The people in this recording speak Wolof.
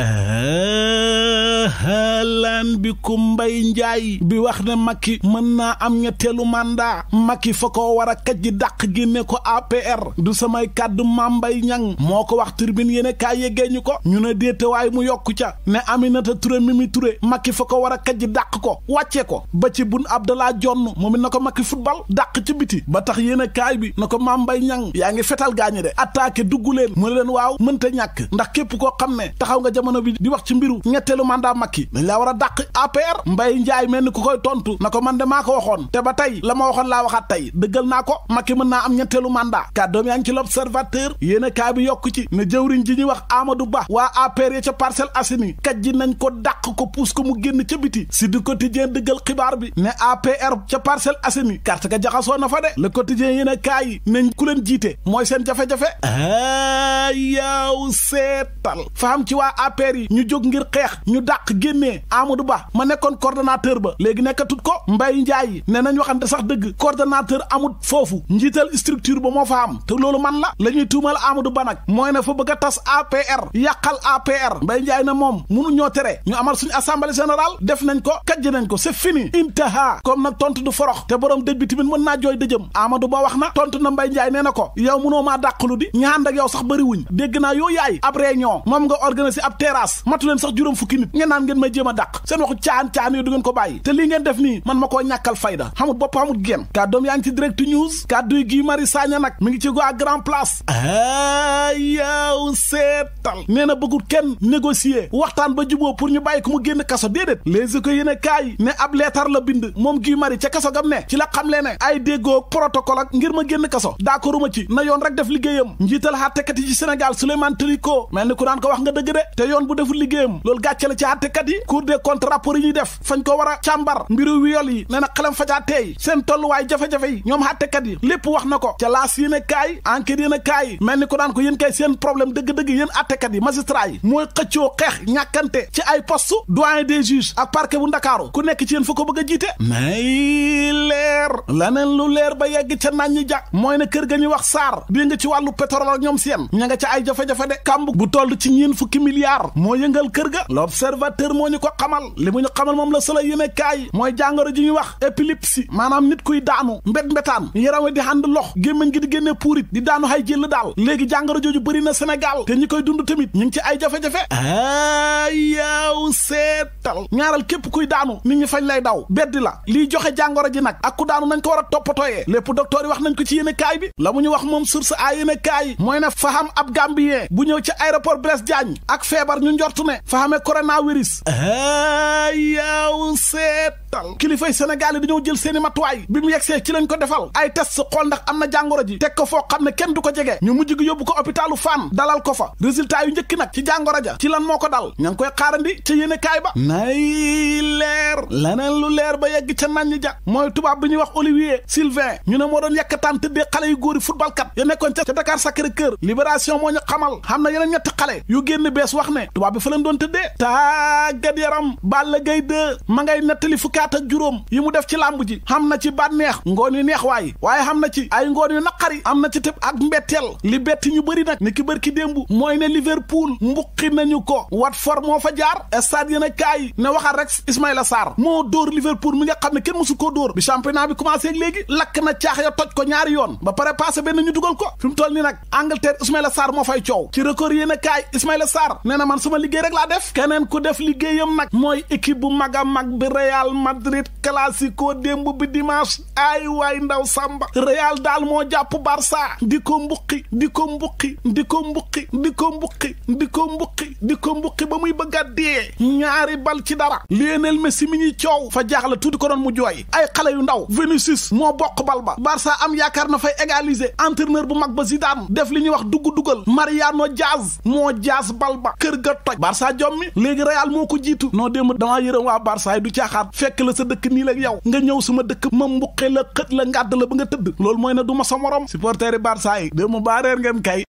Ah, ah. ahlan bikum mbay njaay bi wax ne Macky mën naa am ñetteelu mandat Macky fa ko war a kajj dàq gi ne ko APR du samay kàddu Mame Mbaye Niang moo ko wax tribune yéen kaay yeggee ñu ko ñu ne déetewaay mu yokk ca ne Aminata mi Mimi Touré Macky fa ko war a kajj dàq ko wàcce ko ba ci bun Abdallah Dionne moom it na ko Macky football dàq ci biti ba tax yéen kaay bi na ko Mame Mbaye Niang yaa ngi fetal gaañu de attaqué dugg leen mu ne leen waaw mënta ñàkk ndax képp koo xam ne taxaw nga jamono bi di wax ci mbiru ñetteelu mandat Macky la war a dàq APR Mbaye Ndiaye mel ni ku koy tontu na ko man de maa ko waxoon te ba tey la ma waxoon laa waxaat tey dëggal naa ko Macky mën naa am ñetteelu mandat kàddoom yaa ngi ci l'observateur yéene kaay bi yokk ci ne jëwriñ ji ñuy wax Amadou Ba waa APR ya ca Parcelles Assainies kaj ji nañ ko dàq ko puus ko mu génn ca biti si du quotidien dëggal xibaar bi ne APR ca Parcelles Assainies carte ga jaxasoo na fa de le quotidien yéene kaay yi nañ ku leen jiite mooy seen jafe-jafe a ci waa APR yi ñu jóg ngir xeex ñu dàq génnee ne Amadou Ba ma nekkoon coordonnateur ba léegi nekkatut ko Mbaye Ndiaye ne nañ waxante sax dëgg coordonnateur amut foofu njiital structure ba moo fa am te loolu man la la ñuy tuumal Amadou Ba nag mooy ne fa bëgg a tas APR yàqal APR Mbaye Ndiaye na moom munu ñoo tere ñu amal suñu assemblée générale def nañ ko kajj nañ ko c'est fini intaha comme nag tontu du forox te borom dëj bi tamit mën naa jooy dëjëm Amadou Ba wax na tontu na Mbaye Ndiaye nee na ko yow munoo maa dàqalu di ñaan ak yow sax bëri dégg naa yoo yaay ab réunion moom nga organiser ab terrasse matu leen sax juróom fukki nit ngeen naan ngeen may ma dàq seen waxu caan caan yi du ngeen ko bàyyi te lii ngeen def nii man ma koo ñàkkal fayda xamul bopp xamul génn kàddoom yaa ngi ci direct news kàddu yi Guy Marius Sagna nag mi ngi ci go à grand place a yaaw seetal nee na bëggul kenn négocier waxtaan ba juboo pour ñu bàyyi ku mu génn kaso déedéet les éco yéen kaay ne ab leetar la bind moom Guy Marius ca kaso gam ne ci la xam le ne ay déggoo protocole ak ngir ma génn kaso d'accorduma ci na yoon rek def liggéeyam njiital àttekat yi ci Sénégal Souleymane Teliko ko wax nga dëgg de te yoon bu cour des comptes rapport yi ñuy def fañ ko war a càmbar mbiru wiyol yi nee na xelam fajaa seen tolluwaay jafe-jafe yi ñoom àttekat yi lépp wax na ko ca laas yéen a kaay enquête yéen a kaay mel ni ko daan ko yéen kay seen problème dëgg-dëgg yéen àttekat yi magistrat yi mooy xëccoo xeex ñàkkante ci ay poste doyen des juges ak parquet bu ndakaaru ku nekk ci yéen fa ko bëgg a jiite laneen lu leer ba yegg ca naan ñi ja mooy na kër ga ñu wax saar bii nga ci wàllu pétrole ak ñoom seen ña nga ca ay jafe-jafe de kàmb bu toll ci ñeen fukki milliards moo yëngal kër ga l'observateur moo ñu ko xamal li mu ñu xamal moom la solo yéene kaay mooy jàngoro ji ñu wax épilepsie maanaam nit kuy daanu mbet mbetaan yarawe di ànd lox gémmiñ gi di génne puurit di daanu hay jëll daal léegi jàngoro jooju bëri na Sénégal te ñi koy dund tamit ñu ci ay jafe-jafe a yaaw képp kuy daanu nit ñi fañ lay daw beddi la joxe jàngoro ji nag ak nañ ko war a toppatooyee lépp docteur wax nañ ko ci yéen kaay bi la mu ñu wax moom source a yéen kaay mooy ne faham ab gambien bu ñëw ci aéroport Blaise Diagne ak feebar ñu njortu ne fahamee coronavirus. Ah, yow seet tal kilifay Sénégal yi jël seeni matuwaay bi mu yegsee ci lañ ko defal ay test xool ndax am na jàngoro ji teg ko foo xam ne kenn du ko jege ñu mujj gi yóbbu ko hôpitalu Fann dalal ko fa résultat yu njëkk nag ci jàngoro ja ci lan moo ko dal ña ngi koy xaarandi ca yéene kaay ba nay leer laneen lu leer ba yegg ca nañ ja mooy tubaab bi ñuy wax Olivier Sylvain ñu ne moo doon yekkataan tëddee xale yu góor yi kat ya nekkoon ca Dakar Sacré Cœur libération moo ñu xamal xam na yeneen ñetti xale yu génn bees wax ne tubaab bi fa leen doon tëddee tàggat yaram Balla Gaye 2 ma ngay nettali fukk fukki at ak juróom yi mu def ci làmb ji xam na ci bànneex ngoon yu neex waaye waaye xam na ci ay ngoon yu naqari am na ci tëb ak mbetteel li betti ñu bëri nag ni ki bër ki démb mooy ne Liverpool mbuqi nañu ko Watford moo fa jaar stade yéen a kaay ne waxal rek Ismaïla Sarr moo dóor Liverpool mu nga xam ne kenn mësu koo dóor bi championnat bi commencé léegi lakk na caax ya toj ko ñaari yoon ba pare passé benn ñu dugal ko fi mu toll nii nag Angleterre Ismaïla Sarr moo fay coow ci record yéen a kaay Ismaïla Sarr nee na man sama liggéey rek laa def keneen ku def liggéeyam nag mooy équipe bu mag a mag bi Real Madrid classico démb bi dimanche ay waay ndaw samba Real daal moo jàpp Barça di ko mbuqi di ko mbuqi di ko mbuqi di ko mbuqi di ko mbuqi di ko mbuqi ba muy bëgg a dee ñaari bal ci dara Lionel Messi mi ñuy coow fa jaaxle tuuti ko doon mu jooy ay xale yu ndaw Vinicius moo bokk bal ba Barça am yaakaar na fay égaliser entraîneur bu mag ba Zidane def li ñuy wax dugg dugal Mariano Diaz moo jaas bal ba kër ga toj Barça jommi léegi Real moo ko jiitu noo démb damaa yërëm waa Barça fekk la sa dëkk nii la yow nga ñëw sama dëkk ma mbuqe la xët la ngàdd la ba nga tëdd loolu mooy ne du ma sa morom supporter yi Barça yi de mu baareer ngeen kay